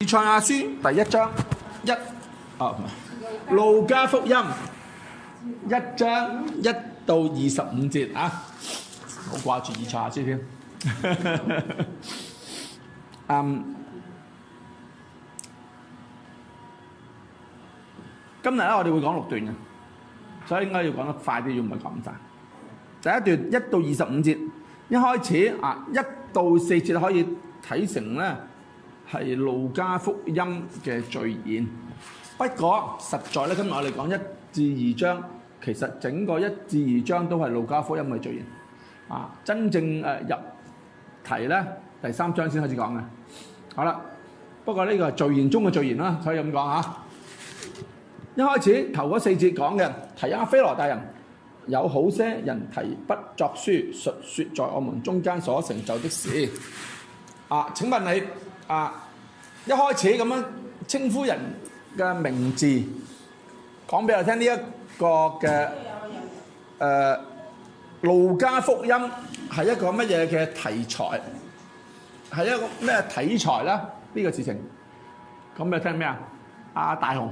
以賽亞書，第一章一啊路加福音一章一到二十五節啊，掛住以賽亞書添。嗯，今日咧我哋會講六段嘅，所以應該要講得快啲，要唔係講唔晒。第一段一到二十五節，一開始啊一到四節可以睇成咧。係路加福音嘅序言，不過實在咧，今日我哋講一至二章，其實整個一至二章都係路加福音嘅序言。啊，真正誒、啊、入題咧，第三章先開始講嘅。好啦，不過呢個係序言中嘅序言啦，可以咁講嚇。一開始頭嗰四節講嘅提阿非羅大人，有好些人提筆作書述説在我們中間所成就的事。啊，請問你？啊！一開始咁樣稱呼人嘅名字，講俾我聽呢一個嘅誒《路加福音》係一個乜嘢嘅題材？係一個咩題材咧？呢個事情咁你聽咩啊？阿大雄，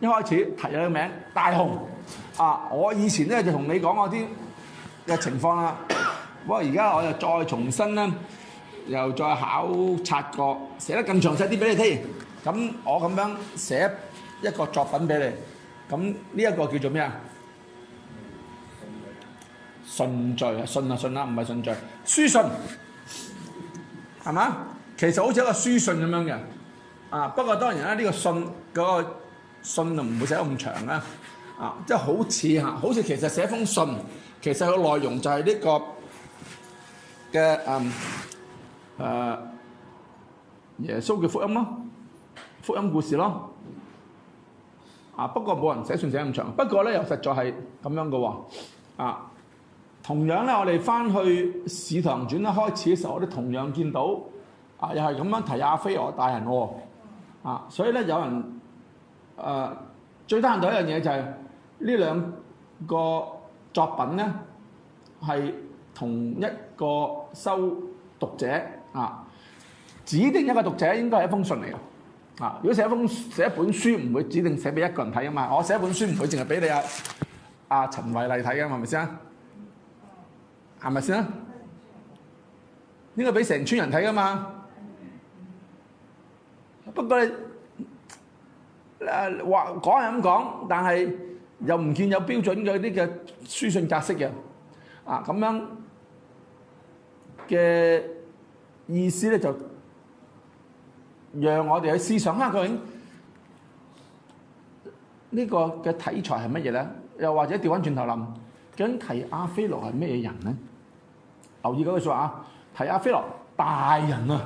一開始提你個名大雄啊！我以前咧就同你講嗰啲嘅情況啦，不過而家我就再重新咧。又再考察過，寫得更詳細啲俾你聽。咁我咁樣寫一個作品俾你，咁呢一個叫做咩啊？信序啊，信啊信啊，唔係信序，書信係嘛？其實好似一個書信咁樣嘅，啊不過當然啦，呢個信嗰個信就唔會寫得咁長啦，啊即係好似嚇，好似其實寫封信，其實個內容就係呢個嘅嗯。誒、呃、耶穌嘅福音咯，福音故事咯，啊不過冇人寫信寫咁長，不過咧又實在係咁樣嘅喎、啊，啊同樣咧我哋翻去《使徒傳》咧開始嘅時候，我哋都同樣見到啊又係咁樣提阿非羅大人喎、啊，啊所以咧有人誒、啊、最得人到一樣嘢就係、是、呢兩個作品咧係同一個修讀者。啊！指定一個讀者應該係一封信嚟嘅。啊，如果寫一封寫一本書，唔會指定寫俾一個人睇啊嘛。我寫一本書唔會淨係俾你啊阿陳慧麗睇啊，係咪先？係咪先？應該俾成村人睇啊嘛。不過誒話講係咁講，但係又唔見有標準嘅啲嘅書信格式嘅。啊，咁樣嘅。意思咧就讓我哋去思想下究竟呢個嘅題材係乜嘢咧？又或者調翻轉頭諗，究竟提阿菲羅係咩人咧？留意嗰句説話啊，提阿菲羅大人啊，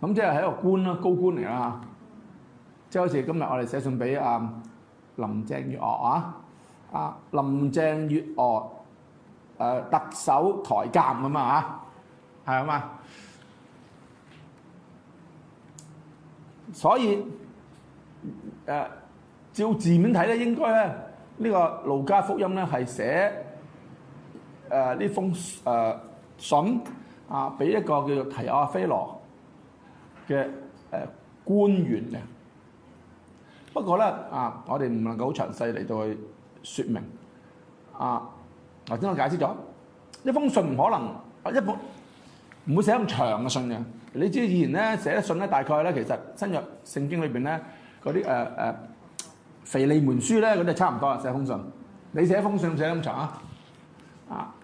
咁即係喺一個官啦，高官嚟啦嚇，即係好似今日我哋寫信俾啊林鄭月娥啊，啊林鄭月娥誒特首台監咁啊嚇。係啊嘛，所以誒照字面睇咧，應該咧呢個路加福音咧係寫誒呢封誒信啊，俾一個叫做提阿菲羅嘅誒官員嘅。不過咧啊，我哋唔能夠好詳細嚟到去説明啊。頭先我解釋咗，一封信唔可能一本。唔會寫咁長嘅信嘅。你知以前咧寫啲信咧，大概咧其實新約聖經裏邊咧嗰啲誒誒腓利門書咧嗰啲都差唔多啊，寫封信。你寫封信寫咁長啊？啊，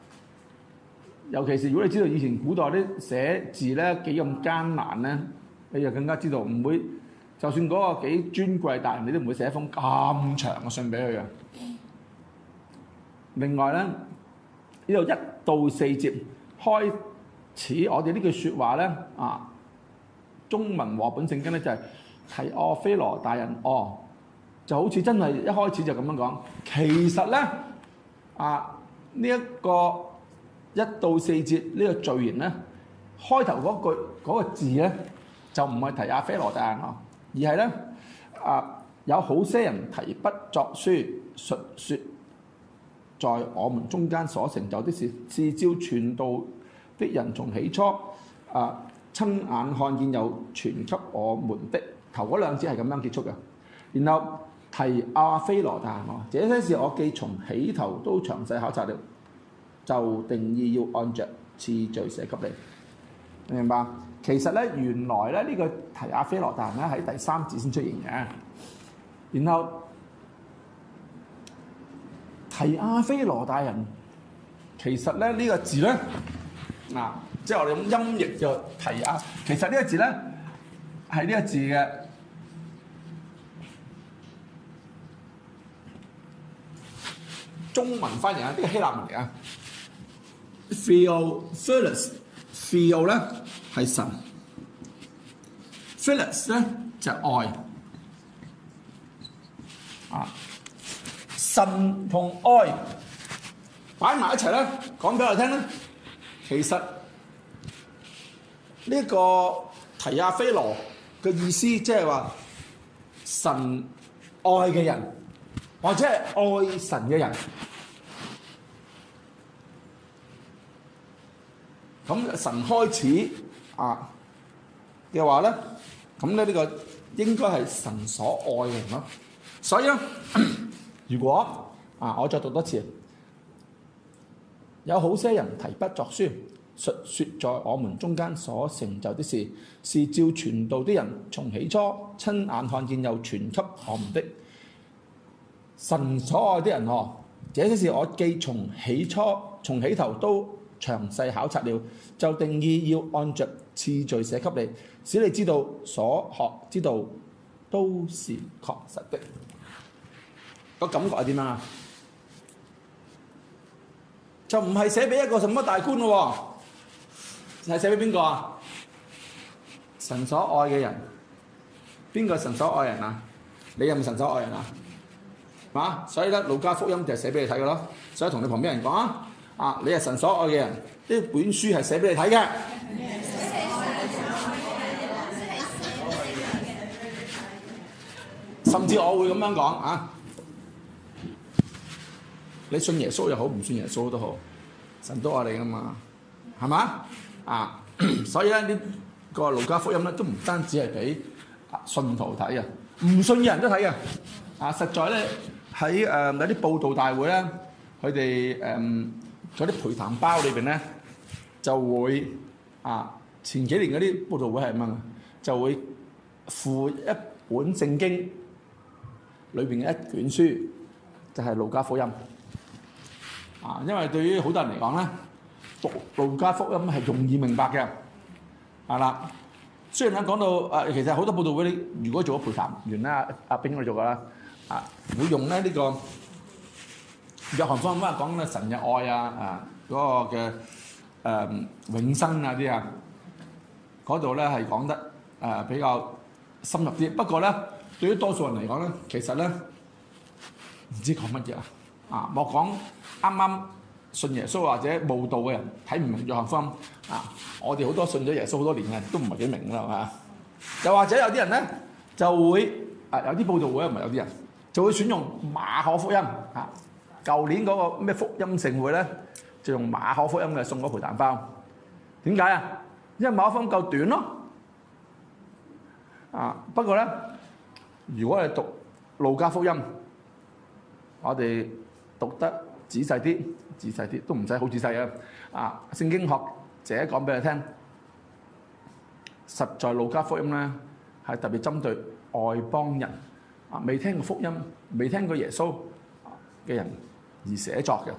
尤其是如果你知道以前古代啲寫字咧幾咁艱難咧，你就更加知道唔會，就算嗰個幾尊貴大人，你都唔會寫一封咁長嘅信俾佢嘅。另外咧，呢度一到四節開。似我哋呢句説話咧，啊，中文和本聖經咧就係、是、提阿非羅大人哦，就好似真係一開始就咁樣講。其實咧，啊，呢、這、一個一到四節、這個、呢個序言咧，開頭嗰句嗰、那個字咧，就唔係提阿非羅大人哦，而係咧，啊，有好些人提不作書述説，在我們中間所成就的事，只招傳道的人從起初，啊親眼看見又傳給我們的，頭嗰兩節係咁樣結束嘅。然後提阿非羅大人，這些事我既從起頭都詳細考察了，就定意要按著次序寫給你，明白？其實咧，原來咧呢個提阿非羅大人咧喺第三節先出現嘅。然後提阿非羅大人，其實咧呢個字咧。嗱，即係我哋用音譯就提下，其實呢個字咧係呢個字嘅中文翻譯啊，呢個希臘文嚟啊。Theo Philis Theo 咧係神，Philis 咧就係愛啊，神同愛擺埋一齊咧，講俾我哋聽咧。其實呢個提亞菲羅嘅意思，即係話神愛嘅人，或者係愛神嘅人，咁神開始啊嘅話咧，咁咧呢個應該係神所愛嘅人咯。所以咧，如果啊，我再讀多次。有好些人提筆作書，述說在我們中間所成就的事，是照傳道的人從起初親眼看見又傳給我們的。神所愛的人哦，這些事我既從起初從起頭都詳細考察了，就定意要按著次序寫給你，使你知道所學之道都是確實的。個感覺係點啊？就唔係寫俾一個什麼大官嘅喎，係寫俾邊個啊？神所愛嘅人，邊個神所愛人啊？你係咪神所愛人啊？啊，所以咧，路加福音就係寫俾你睇嘅咯。所以同你旁邊人講啊，啊，你係神所愛嘅人，呢本書係寫俾你睇嘅。甚至我會咁樣講啊。你信耶穌又好，唔信耶穌都好，神都愛、啊、你㗎嘛，係嘛啊？所以咧，呢個路加福音咧都唔單止係俾信徒睇啊，唔信嘅人都睇嘅啊。實在咧喺誒有啲報道大會咧，佢哋誒啲陪談包裏邊咧就會啊，前幾年嗰啲報道會係乜啊？就會附一本聖經裏邊嘅一卷書，就係、是、路加福音。啊，因為對於好多人嚟講咧，路加福音係容易明白嘅，係啦。雖然咧講到誒，其實好多報道會你，如果做咗陪談員咧，阿阿邊個做噶啦？啊，會用咧、這、呢個約翰福音啊，講咧神嘅愛啊，啊、那、嗰個嘅誒、呃、永生啊啲啊，嗰度咧係講得誒比較深入啲。不過咧，對於多數人嚟講咧，其實咧唔知講乜嘢啊，啊莫講。啱啱信耶穌或者慕道嘅人睇唔明約翰福音啊！我哋好多信咗耶穌好多年嘅都唔係幾明啦，係嘛？又或者有啲人咧就會啊，有啲佈道會唔係有啲人就會選用馬可福音啊！舊年嗰個咩福音盛會咧就用馬可福音嘅送嗰盤蛋糕，點解啊？因為馬可福音夠短咯啊！不過咧，如果係讀路加福音，我哋讀得。仔細啲，仔細啲都唔使好仔細啊！啊，聖經學者講俾你聽，實在路加福音咧係特別針對外邦人啊，未聽過福音、未聽過耶穌嘅人而寫作嘅，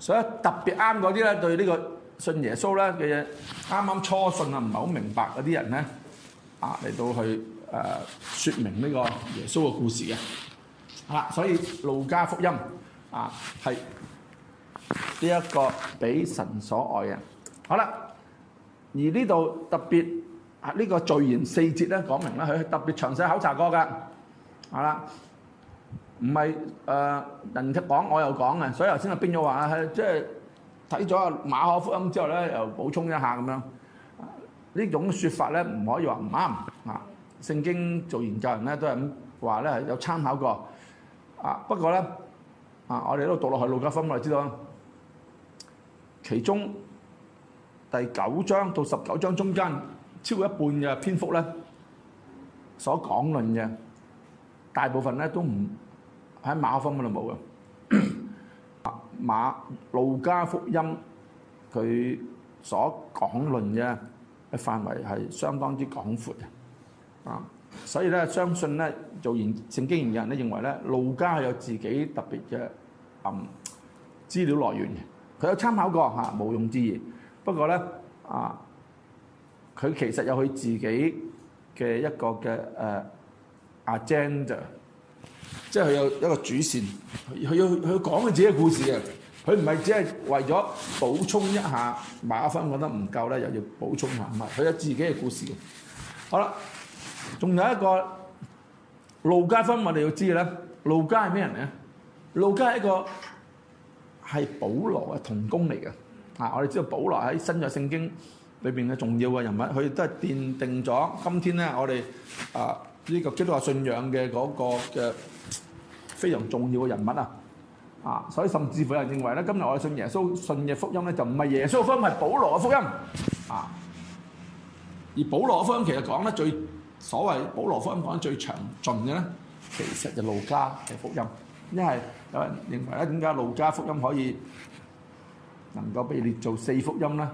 所以特別啱嗰啲咧對呢個信耶穌咧嘅人，啱啱初信啊，唔係好明白嗰啲人咧啊嚟到去誒説明呢個耶穌嘅故事嘅啊，所以路加福音。啊，係呢一個俾神所愛嘅。好啦，而呢度特別啊，呢個序言四節咧講明啦，佢特別詳細考察過嘅。好啦，唔係誒人講，我又講嘅。所以頭先阿邊咗話咧，即係睇咗馬可福音之後咧，又補充一下咁樣。呢種説法咧，唔可以話唔啱啊！聖經做研究人咧都係咁話咧，有參考過啊。不過咧～啊！我哋都讀落去《路加福音》，咪知道，其中第九章到十九章中間超過一半嘅篇幅咧，所講論嘅大部分咧都唔喺馬可福音度冇嘅。馬路加福音佢所講論嘅嘅範圍係相當之廣闊嘅。啊，所以咧，相信咧做完性經研嘅人咧，認為咧路加》係有自己特別嘅。嗯、um,，資料來源嘅，佢有參考過嚇，無庸置疑。不過咧，啊，佢其實有佢自己嘅一個嘅誒、uh, agenda，即係佢有一個主線，佢要佢講佢自己嘅故事嘅，佢唔係只係為咗補充一下馬分覺得唔夠咧，又要補充下，唔係佢有自己嘅故事嘅。好啦，仲有一個路加芬，我哋要知嘅咧，路加係咩人咧？路加係一個係保羅嘅同工嚟嘅啊！我哋知道保羅喺新約聖經裏邊嘅重要嘅人物，佢亦都係奠定咗今天咧。我哋啊呢個基督教信仰嘅嗰個嘅非常重要嘅人物啊啊！所以甚至乎有人認為咧，今日我哋信耶穌、信嘅福音咧，就唔係耶穌嘅福音，係保羅嘅福音啊。而保羅嘅福音其實講咧，最所謂保羅嘅福音講得最詳盡嘅咧，其實就路加嘅福音。因係有人認為咧，點解路加福音可以能夠被列做四福音咧？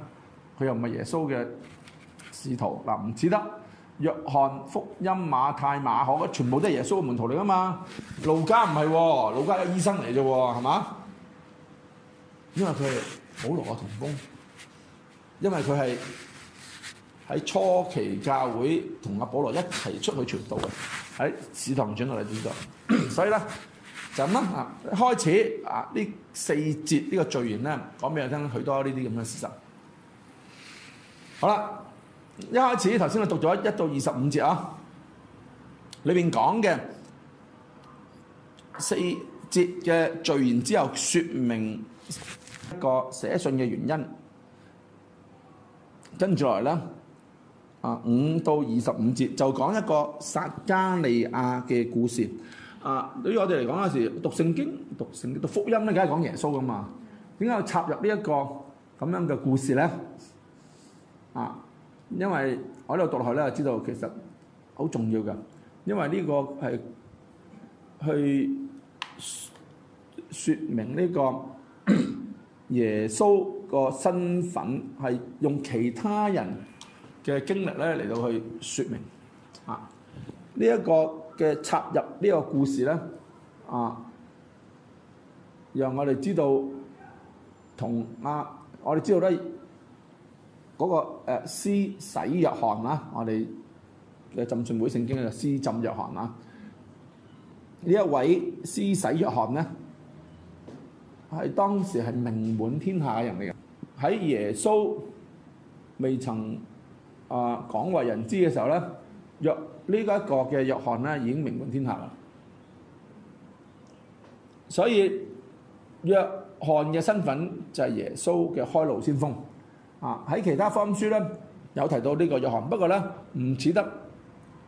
佢又唔係耶穌嘅使徒嗱，唔似得約翰、福音、馬太、馬可，全部都係耶穌嘅門徒嚟啊嘛。路加唔係喎，路加係醫生嚟啫喎，係嘛？因為佢係保羅嘅同工，因為佢係喺初期教會同阿保羅一齊出去傳道嘅喺市堂轉落嚟轉咗，所以咧。就咁啦嚇！開始啊，呢四節呢個序言咧，講俾我聽許多呢啲咁嘅事實。好啦，一開始頭先我讀咗一到二十五節啊，裏面講嘅四節嘅序言之後，説明一個寫信嘅原因。跟住嚟咧，啊五到二十五節就講一個撒迦利亞嘅故事。啊！對於我哋嚟講，有時讀聖經、讀聖經、讀福音咧，梗係講耶穌噶嘛？點解要插入呢一個咁樣嘅故事咧？啊！因為我呢度讀落去咧，就知道其實好重要嘅，因為呢個係去説明呢個耶穌個身份，係用其他人嘅經歷咧嚟到去説明啊！呢一個。嘅插入呢個故事咧，啊，讓我哋知道同，啊，我哋知道咧嗰、那個誒施、啊、洗約翰啦、啊，我哋嘅浸信會聖經嘅施、就是、浸約翰啊，呢一位施洗約翰咧，係當時係名滿天下嘅人嚟嘅，喺耶穌未曾啊廣為人知嘅時候咧，約呢個一個嘅約翰咧已經名滿天下啦，所以約翰嘅身份就係耶穌嘅開路先鋒啊！喺其他福音書咧有提到呢個約翰，不過咧唔似得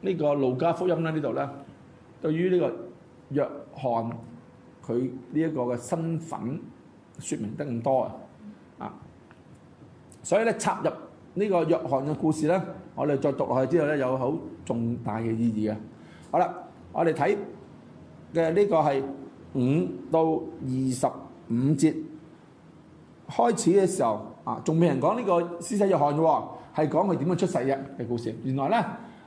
呢個路加福音咧呢度咧對於呢個約翰佢呢一個嘅身份説明得咁多啊，所以咧插入。呢個約翰嘅故事咧，我哋再讀落去之後咧，有好重大嘅意義嘅。好啦，我哋睇嘅呢個係五到二十五節開始嘅時候，啊，仲未人講呢個施洗約翰喎，係講佢點樣出世嘅故事。原來咧，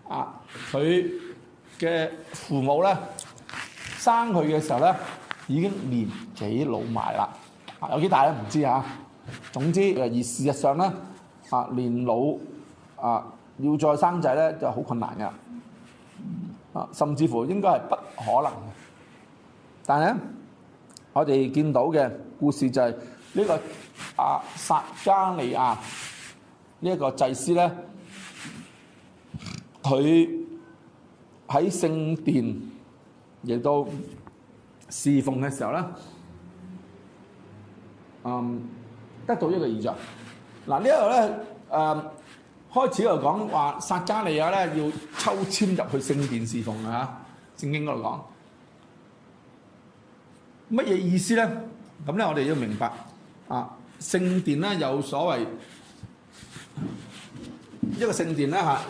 啊，佢嘅父母咧生佢嘅時候咧，已經年紀老埋啦，啊，有幾大咧唔知嚇、啊。總之，而事實上咧。啊，年老啊，要再生仔咧就好困難㗎，啊，甚至乎應該係不可能嘅。但係咧，我哋見到嘅故事就係、是、呢、這個阿、啊、撒迦利亞呢一個祭司咧，佢喺聖殿亦都侍奉嘅時候咧，嗯，得到一個預象。嗱呢度個咧，誒、呃、開始就講話撒迦利亞咧要抽籤入去聖殿侍奉嚇，聖經嗰度講乜嘢意思咧？咁咧我哋要明白啊聖殿咧有所謂一個聖殿咧嚇、啊，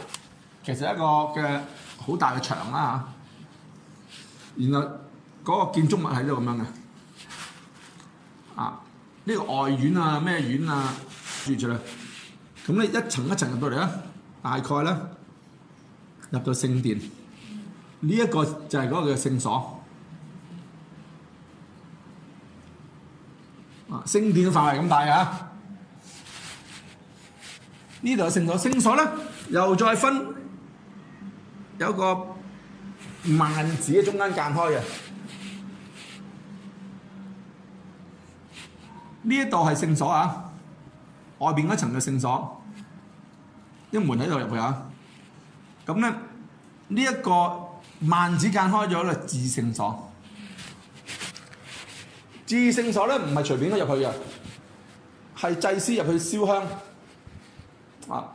其實一個嘅好大嘅牆啦嚇，然後嗰個建築物喺度咁樣嘅啊，呢、這個外院啊咩院啊？住住啦，咁咧一層一層入到嚟啊！大概咧入到聖殿，呢一個就係嗰個聖所啊！聖殿範圍咁大啊！呢度聖所聖所咧，又再分有個幔子喺中間間開嘅，呢一度係聖所啊！外邊嗰層嘅聖所，啲門喺度入去啊！咁咧呢一個幔子間開咗咧，至聖所。至聖所咧唔係隨便都入去嘅，係祭司入去燒香啊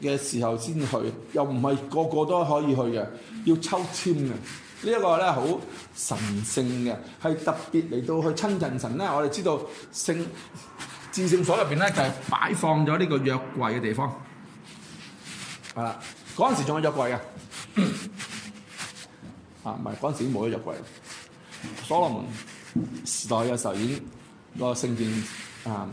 嘅時候先去，又唔係個個都可以去嘅，要抽籤嘅。呢一個咧好神聖嘅，係特別嚟到去親近神咧。我哋知道聖。至聖所入面咧，就係、是、擺放咗呢個約櫃嘅地方。係啦，嗰陣時仲有約櫃嘅，啊唔係嗰陣時已經冇咗約櫃。所羅門時代嘅時候已經、那個聖殿啊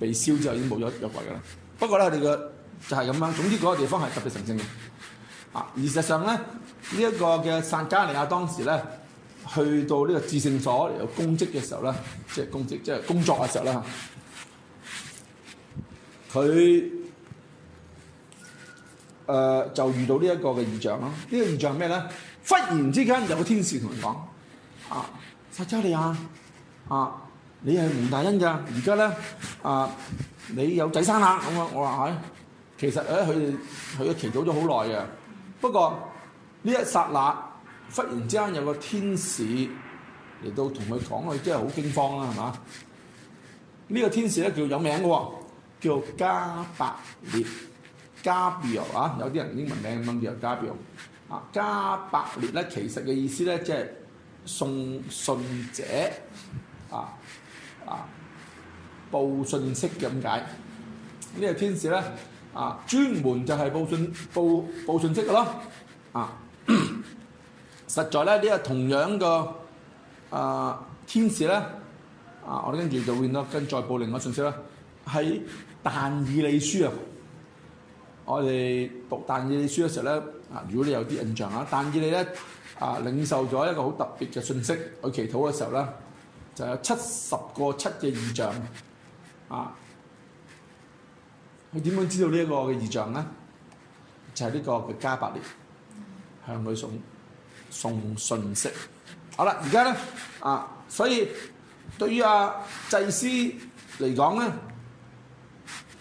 被燒之後已經冇咗約櫃嘅啦。不過咧，我哋嘅就係、是、咁樣。總之嗰個地方係特別神聖嘅。啊，而事實上咧，呢、這、一個嘅撒迦利亞當時咧去到呢個至聖所有做工嘅時候咧，即係供職，即、就、係、是、工作嘅時候啦。佢誒、呃、就遇到這個象、這個、象呢一個嘅現象咯，呢個現象係咩咧？忽然之間有個天使同佢講：啊，撒迦利亞，啊，你係蒙大恩㗎，而家咧啊，你有仔生啦！咁啊，我話係。其實誒，佢佢都祈禱咗好耐嘅，不過呢一剎那忽然之間有個天使嚟到同佢講，佢真係好驚慌啦，係嘛？呢、這個天使咧叫有名嘅。叫加百列加 B 啊，有啲人英文名咁叫加 B 啊。加百列咧，其實嘅意思咧，即係送信者啊啊，報信息咁解。呢個天使咧啊，專門就係報信報報信息嘅咯啊。實在咧，呢個同樣嘅啊、呃、天使咧啊，我哋跟住就會咗跟再報另外個信息啦，喺。但以理書啊，我哋讀但以理書嘅時候咧，啊，如果你有啲印象啊，但以理咧啊，領受咗一個好特別嘅信息。佢祈禱嘅時候咧，就有七十個七嘅異象啊。佢點樣知道呢一個嘅異象咧？就係呢個嘅加百列向佢送送信息。好啦，而家咧啊，所以對於啊祭司嚟講咧。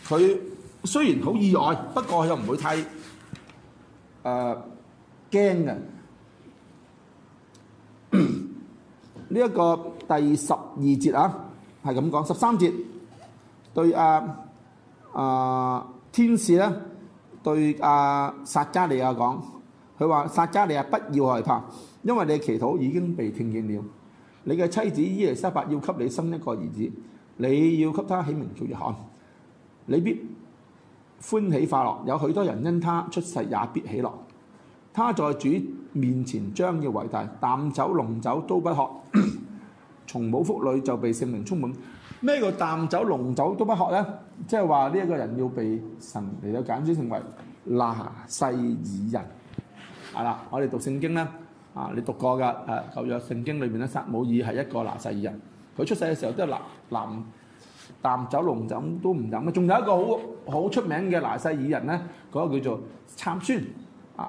佢雖然好意外，不過佢又唔會太誒驚嘅。呢、呃、一、 這個第十二節啊，係咁講。十三節對啊啊、呃、天使咧對啊撒迦利亞講，佢話撒迦利亞，不要害怕，因為你嘅祈禱已經被聽見了。你嘅妻子伊麗莎白要給你生一個兒子，你要給他起名叫約翰。你必歡喜快樂，有許多人因他出世也必喜樂。他在主面前將要為大，淡酒濃酒都不喝，從母 腹裏就被聖靈充滿。咩叫淡酒濃酒都不喝呢？即係話呢一個人要被神嚟到揀選成為拿細耳人。係啦，我哋讀聖經呢，啊，你讀過㗎？啊，舊約聖經裏面咧，撒母耳係一個拿細耳人，佢出世嘅時候都係拿林。男淡酒濃酒都唔飲，咪仲有一個好好出名嘅拿細耳人咧，嗰個叫做參孫，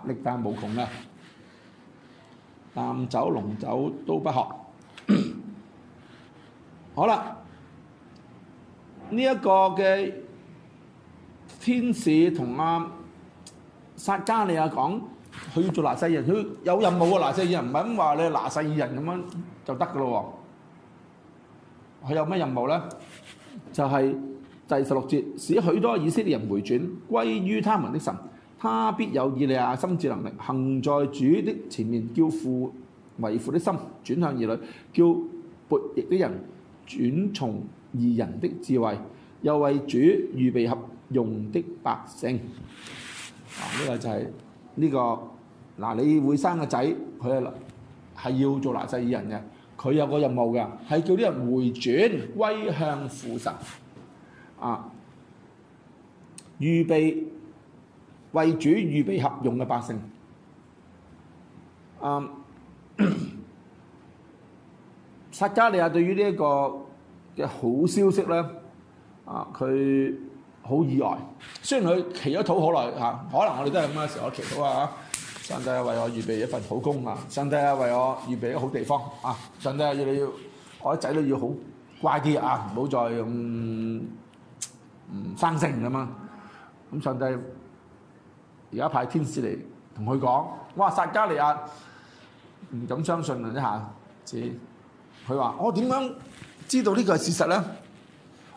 力大無窮啦。淡酒濃酒都不喝，好啦。呢一個嘅天使同阿撒迦利亞講，佢要做拿細耳人，佢有任務啊！拿細耳人唔係咁話你係拿細耳人咁樣就得嘅咯喎，佢有咩任務咧？就係、是、第十六節，使許多以色列人回轉歸於他們的神。他必有以利亞心志能力，行在主的前面，叫父為父的心轉向兒女，叫悖逆的人轉從義人的智慧，又為主預備合用的百姓。呢、啊這個就係呢、這個嗱、啊，你會生個仔，佢係要做拿細耳人嘅。佢有個任務㗎，係叫啲人回轉，歸向父神，啊，預備為主預備合用嘅百姓。啊，撒迦 利亞對於呢個嘅好消息呢，啊，佢好意外。雖然佢祈咗禱好耐，可能我哋都係咁嘅時候，我祈到啊上帝啊，為我預備一份好工啊！上帝啊，為我預備一個好地方啊！上帝啊，要你要我啲仔女要好乖啲啊！唔好再咁唔生性㗎嘛！咁上帝而家派天使嚟同佢講：哇！撒加利亞唔敢相信一下子，知佢話我點樣知道呢個係事實咧？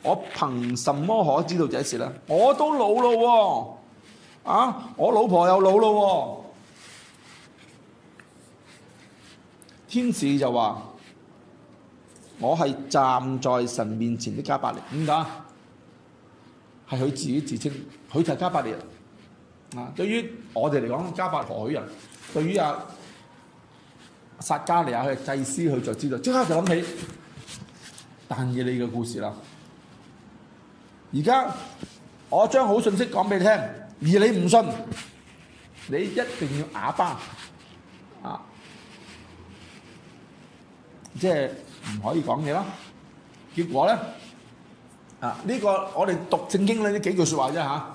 我憑什麼可知道這事咧？我都老啦喎！啊，我老婆又老啦喎！天使就話：我係站在神面前的加百列，點解？係佢自己自稱，佢就係加百列啊，對於我哋嚟講，加百何許人？對於啊，撒迦利亞嘅祭司，佢就知道，即刻就諗起但以理嘅故事啦。而家我將好信息講俾你聽，而你唔信，你一定要啞巴。即係唔可以講嘢啦。結果咧，啊呢個我哋讀聖經咧呢幾句説話啫嚇。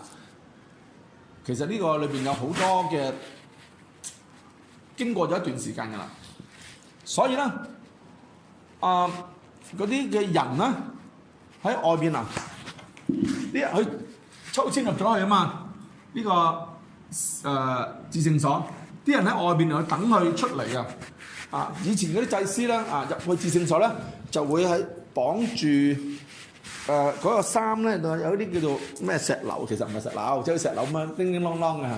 其實呢個裏邊有好多嘅，經過咗一段時間噶啦。所以咧，啊嗰啲嘅人咧喺外邊啊，啲人佢抽籤入咗去啊嘛。呢個誒至聖所，啲人喺外邊又等佢出嚟嘅。啊！以前嗰啲祭司啦，啊入去智聖所咧，就會喺綁住誒嗰、呃那個衫咧，就有啲叫做咩石榴，其實唔係石榴，即係石榴咁樣叮叮啷啷嘅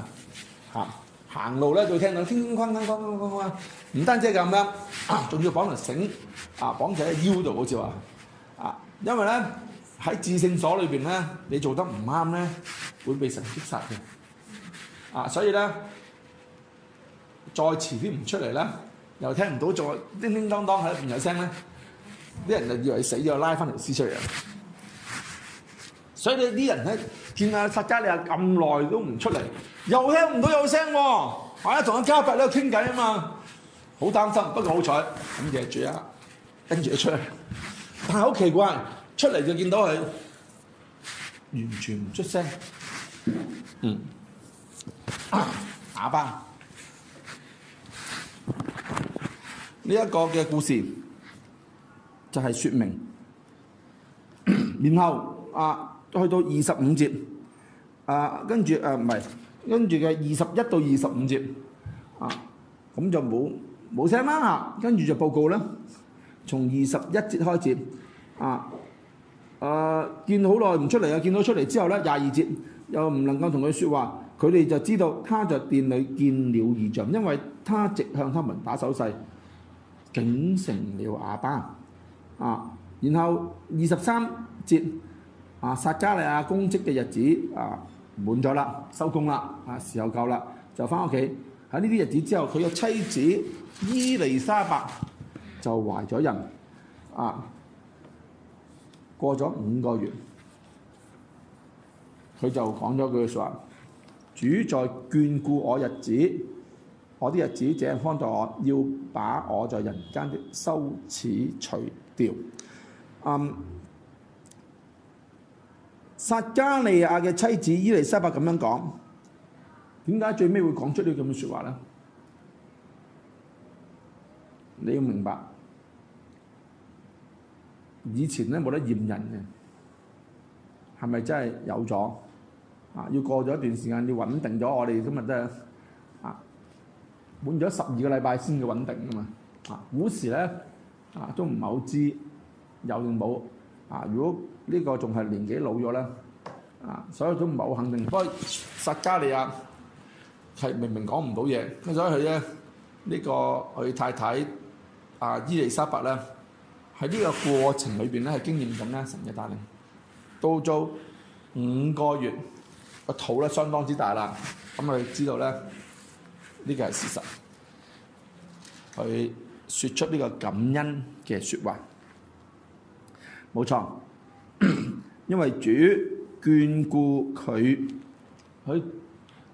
嚇。行路咧，就聽到叮叮咣咣咣咣咣咣。唔單止咁樣，仲要綁條繩啊，綁住喺腰度好似話啊。因為咧喺至聖所裏邊咧，你做得唔啱咧，會被神擊殺嘅啊。所以咧，再遲啲唔出嚟咧。又聽唔到再叮叮當當喺入邊有聲咧，啲人就以為死咗，拉翻條屍出嚟。所以呢啲人咧，見阿撒迦利亞咁耐都唔出嚟，又聽唔到有聲喎，啊同阿加佛咧傾偈啊嘛，好擔心。不過好彩咁嘅最後跟住出嚟，但係好奇怪，出嚟就見到佢完全唔出聲。嗯，啞巴。呢、這、一個嘅故事就係、是、説明，然後啊去到二十五節啊，跟住誒唔係跟住嘅二十一到二十五節啊，咁就冇冇聲啦。跟住、啊就，啊、就報告咧，從二十一節開始啊，誒、啊、見好耐唔出嚟啊，見到出嚟之後咧，廿二節又唔能夠同佢説話，佢哋就知道他在殿裏見了異象，因為他直向他們打手勢。整成了啞巴啊！然後二十三節啊，薩加利亞公職嘅日子啊，滿咗啦，收工啦啊，時候夠啦，就翻屋企。喺呢啲日子之後，佢嘅妻子伊麗莎白就懷咗孕啊，過咗五個月，佢就講咗句説話：主在眷顧我日子。我啲日子，這樣幫助我，要把我在人間的羞恥除掉。嗯，撒迦利亞嘅妻子伊麗莎白咁樣講，點解最尾會講出呢咁嘅説話咧？你要明白，以前咧冇得驗人嘅，係咪真係有咗？啊，要過咗一段時間，要穩定咗，我哋今日都係。滿咗十二個禮拜先至穩定㗎嘛！啊，古時咧啊，都唔係好知有定冇啊。如果呢個仲係年紀老咗咧啊，所以都唔係好肯定。不過撒迦利亞係明明講唔到嘢，咁所以佢咧呢、呢個佢太太啊伊麗莎白咧喺呢個過程裏邊咧係經驗緊咧神嘅帶領，到咗五個月個肚咧相當之大啦。咁佢知道咧呢個係事實。佢説出呢個感恩嘅説話，冇錯。因為主眷顧佢，佢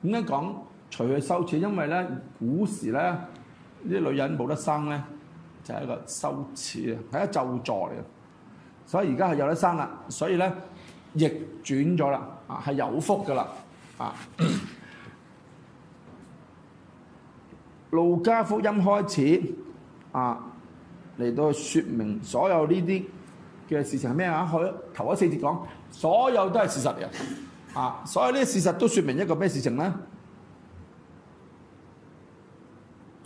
點解講除去羞恥？因為咧古時咧，啲女人冇得生咧，就係、是、一個羞恥啊，係一咒詛嚟嘅。所以而家係有得生啦，所以咧逆轉咗啦，啊係有福噶啦，啊。 路加福音開始啊，嚟到説明所有呢啲嘅事情係咩啊？佢頭嗰四節講，所有都係事實嚟啊！啊，所有呢啲事實都説明一個咩事情咧？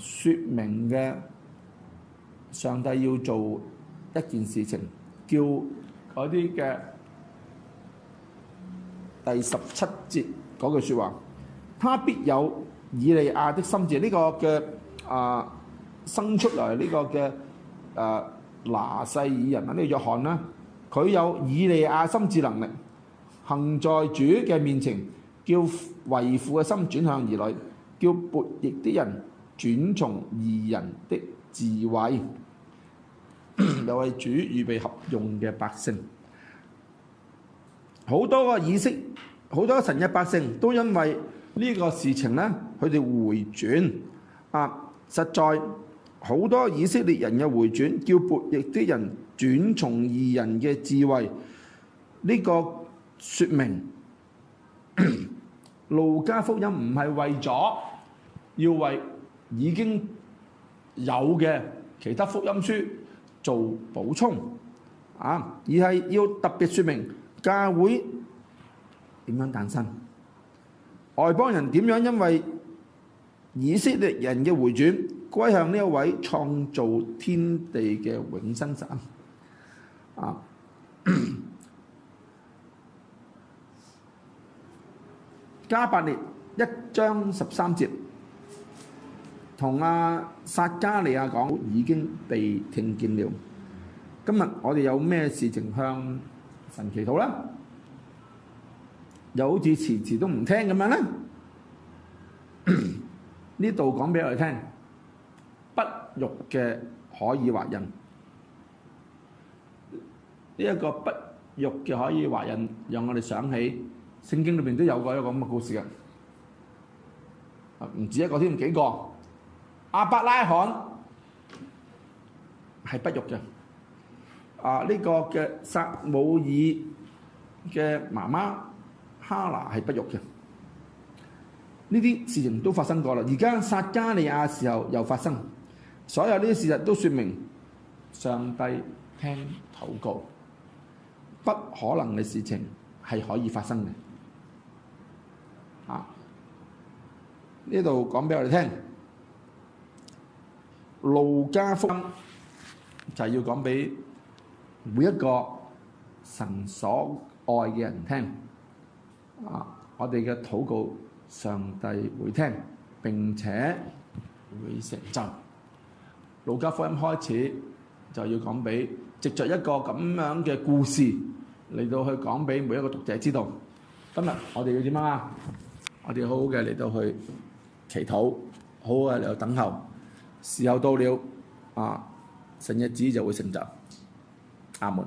説明嘅上帝要做一件事情，叫嗰啲嘅第十七節嗰句説話，他必有。以利亞的心智呢、呢個嘅啊生出嚟呢個嘅啊拿細耳人啦呢、呢個約翰啦，佢有以利亞心智能力，行在主嘅面前，叫為父嘅心轉向兒女，叫悖逆的人轉從義人的智慧， 又係主預備合用嘅百姓。好多個意識，好多的神嘅百姓都因為。呢個事情呢，佢哋回轉啊！實在好多以色列人嘅回轉，叫悖逆啲人轉從義人嘅智慧。呢個説明路加福音唔係為咗要為已經有嘅其他福音書做補充啊，而係要特別説明教會點樣誕生。外邦人點樣？因為以色列人嘅回轉，歸向呢一位創造天地嘅永生神。啊，加百列一章十三節，同阿撒迦利亞講已經被聽見了。今日我哋有咩事情向神祈禱呢？又好似遲遲都唔聽咁樣咧，呢度講俾我哋聽，不育嘅可以懷孕。呢一個不育嘅可以懷孕，讓我哋想起聖經裏邊都有過一個咁嘅故事嘅，唔止一個添，幾個，亞伯拉罕係不育嘅，啊，呢個嘅撒母耳嘅媽媽。哈拿係不育嘅，呢啲事情都發生過啦。而家撒迦利亞時候又發生，所有呢啲事實都説明上帝聽禱告，不可能嘅事情係可以發生嘅。啊，呢度講俾我哋聽，路加福音就係要講俾每一個神所愛嘅人聽。啊！我哋嘅禱告，上帝會聽，並且會成就。路加福音開始就要講俾，藉着一個咁樣嘅故事嚟到去講俾每一個讀者知道。今日我哋要點樣啊？我哋好好嘅嚟到去祈禱，好好嘅嚟到等候。時候到了，啊，成日子就會成就。阿門。